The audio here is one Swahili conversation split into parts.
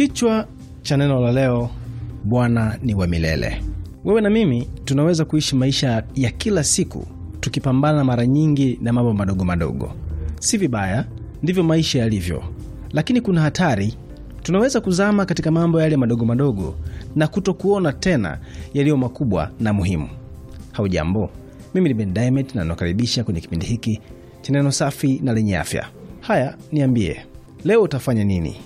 Kichwa cha neno la leo, Bwana ni wa milele. Wewe na mimi tunaweza kuishi maisha ya kila siku tukipambana mara nyingi na mambo madogo madogo. Si vibaya, ndivyo maisha yalivyo, lakini kuna hatari. Tunaweza kuzama katika mambo yale madogo madogo na kutokuona tena yaliyo makubwa na muhimu. Haujambo, mimi ni Ben dimet na nakaribisha kwenye kipindi hiki cha neno safi na lenye afya. Haya, niambie leo utafanya nini?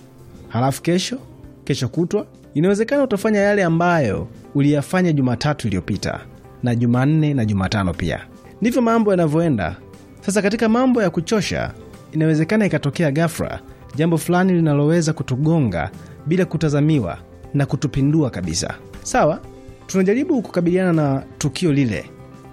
halafu kesho, kesho kutwa inawezekana utafanya yale ambayo uliyafanya Jumatatu iliyopita na Jumanne na Jumatano pia. Ndivyo mambo yanavyoenda. Sasa katika mambo ya kuchosha, inawezekana ikatokea gafra jambo fulani linaloweza kutugonga bila kutazamiwa na kutupindua kabisa. Sawa, tunajaribu kukabiliana na tukio lile,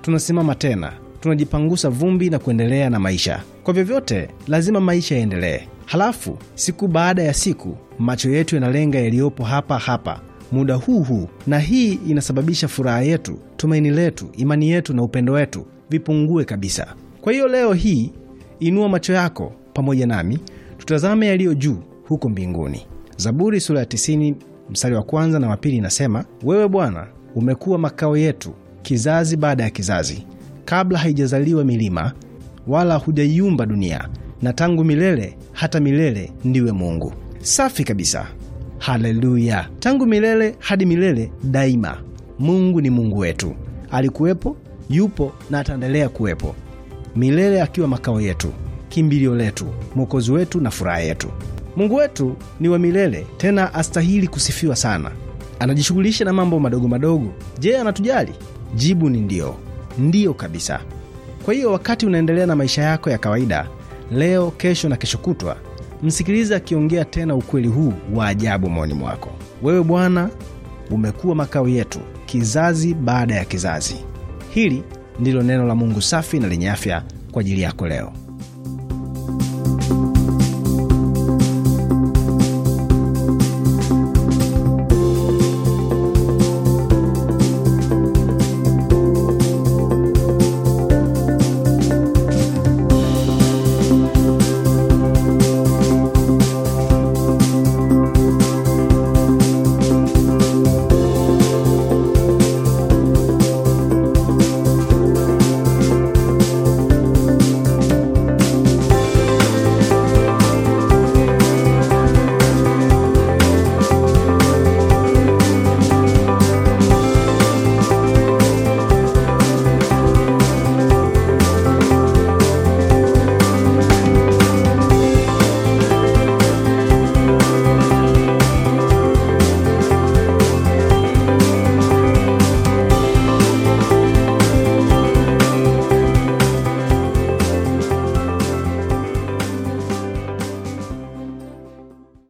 tunasimama tena, tunajipangusa vumbi na kuendelea na maisha. Kwa vyovyote, lazima maisha yaendelee. Halafu siku baada ya siku macho yetu yanalenga yaliyopo hapa hapa muda huu huu, na hii inasababisha furaha yetu, tumaini letu, imani yetu na upendo wetu vipungue kabisa. Kwa hiyo leo hii inua macho yako pamoja nami tutazame yaliyo juu huko mbinguni. Zaburi sura ya 90 mstari wa kwanza na wa pili inasema, wewe Bwana umekuwa makao yetu kizazi baada ya kizazi, kabla haijazaliwa milima wala hujaiumba dunia na tangu milele hata milele ndiwe Mungu. Safi kabisa, haleluya! Tangu milele hadi milele, daima Mungu ni Mungu wetu. Alikuwepo, yupo na ataendelea kuwepo milele, akiwa makao yetu, kimbilio letu, mwokozi wetu na furaha yetu. Mungu wetu ni wa milele, tena astahili kusifiwa sana. Anajishughulisha na mambo madogo madogo. Je, anatujali? Jibu ni ndiyo, ndiyo kabisa. Kwa hiyo wakati unaendelea na maisha yako ya kawaida leo, kesho na kesho kutwa. Msikilize akiongea tena ukweli huu wa ajabu moyoni mwako. Wewe Bwana umekuwa makao yetu kizazi baada ya kizazi. Hili ndilo neno la Mungu safi na lenye afya kwa ajili yako leo.